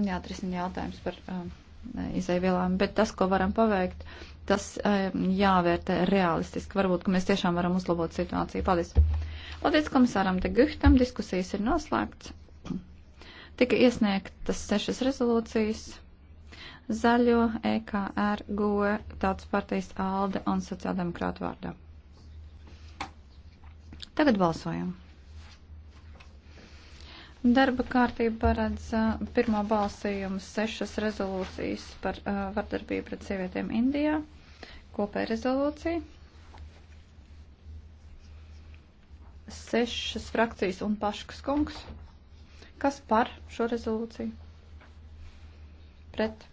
jāatrisina jautājums par um, izaivielām, bet tas, ko varam paveikt, tas um, jāvērtē realistiski. Varbūt, ka mēs tiešām varam uzlabot situāciju. Paldies! Paldies komisāram te Guhtam, diskusijas ir noslēgts. Tika iesniegtas sešas rezolūcijas. Zaļo, EKR, GOE, tāds partijas ALDE un sociāldemokrātu vārdā. Tagad balsojam. Darba kārtība paredz uh, pirmo balsījumu sešas rezolūcijas par uh, vardarbību pret sievietēm Indijā. Kopēja rezolūcija. Sešas frakcijas un paškas kungs. Kas par šo rezolūciju? Pret.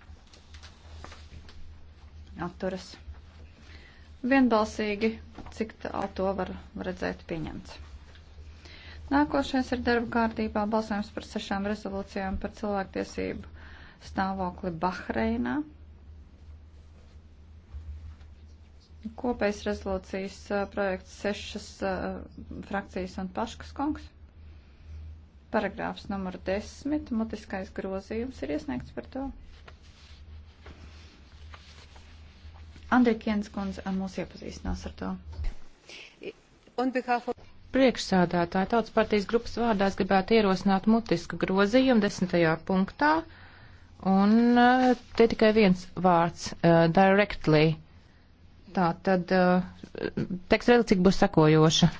Atturas. Vienbalsīgi, cik tā to var redzēt pieņemts. Nākošais ir darba kārtībā balsojums par sešām rezolūcijām par cilvēktiesību stāvokli Bahreinā. Kopējs rezolūcijas projekts sešas frakcijas un paškas kungs. Paragrāfs numur desmit, mutiskais grozījums ir iesniegts par to. Andrikienas kundze mūs iepazīstinās ar to. On behalf of Priekšsādātāji Tautas partijas grupas vārdās gribētu ierosināt mutisku grozījumu desmitajā punktā, un eh, te tikai viens vārds uh, - directly. Tā tad uh, eh, teksta redakcija būs sekojoša.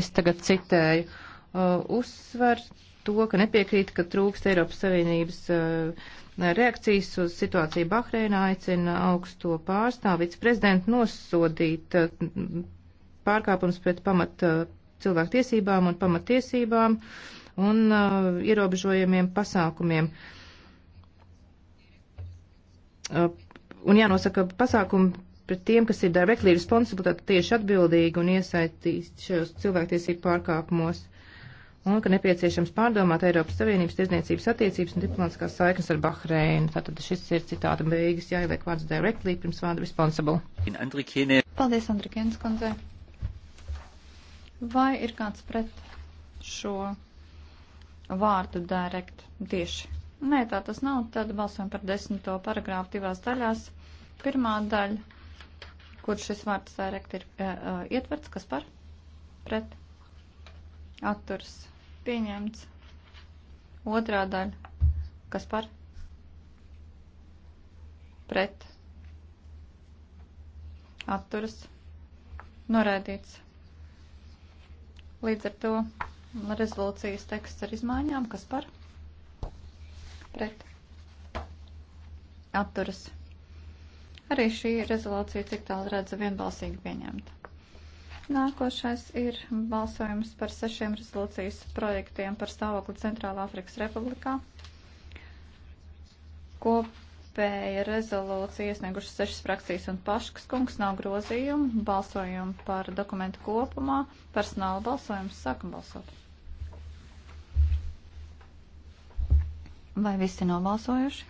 Es tagad citēju. Uh, uzsver to, ka nepiekrīt, ka trūkst Eiropas Savienības uh, reakcijas uz situāciju Bahreinā, aicina augsto pārstāvu viceprezidentu nosodīt uh, pārkāpums pret pamat uh, cilvēku tiesībām un pamatiesībām un uh, ierobežojumiem pasākumiem. Uh, un jānosaka pasākumi pret tiem, kas ir directly responsible, tātad tieši atbildīgi un iesaistīti šajos cilvēktiesību pārkāpumos. Un ka nepieciešams pārdomāt Eiropas Savienības tirdzniecības attiecības un diplomātiskās saiknes ar Bahreinu. Tātad šis ir citāta beigas, jāieliek vārds directly pirms vārda responsible. Paldies, Andrikienes kundzei. Vai ir kāds pret šo vārdu direkt tieši? Nē, tā tas nav. Tad balsojam par desmito paragrāfu divās daļās. Pirmā daļa, kur šis vārds direkt ir e, e, ietverts, kas par? Pret. Atturs. Pieņemts. Otrā daļa, kas par? Pret. Atturs. Noraidīts. Līdz ar to rezolūcijas teksts ar izmaiņām, kas par pret atturas. Arī šī rezolūcija, cik tālu redzu, vienbalsīgi pieņemta. Nākošais ir balsojums par sešiem rezolūcijas projektiem par stāvokli Centrālā Afrikas Republikā. Kop kopēja rezolūcija iesniegušas sešas frakcijas un paškas kungs nav grozījumu. Balsojam par dokumentu kopumā. Personāla balsojums. Sākam balsot. Vai visi nobalsojuši?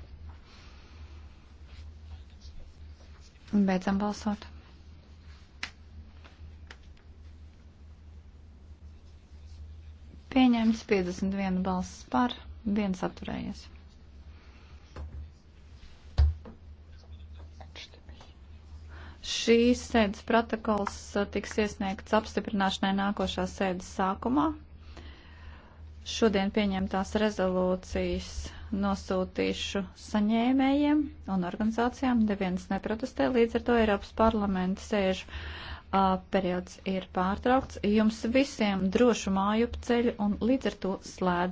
Beidzam balsot. Pieņemts 51 balss par, viens atturējies. Šīs sēdes protokols uh, tiks iesniegts apstiprināšanai nākošā sēdes sākumā. Šodien pieņemtās rezolūcijas nosūtīšu saņēmējiem un organizācijām. Neviens neprotestē, līdz ar to Eiropas parlamenta sēžu uh, periods ir pārtraukts. Jums visiem drošu māju ceļu un līdz ar to slēdz.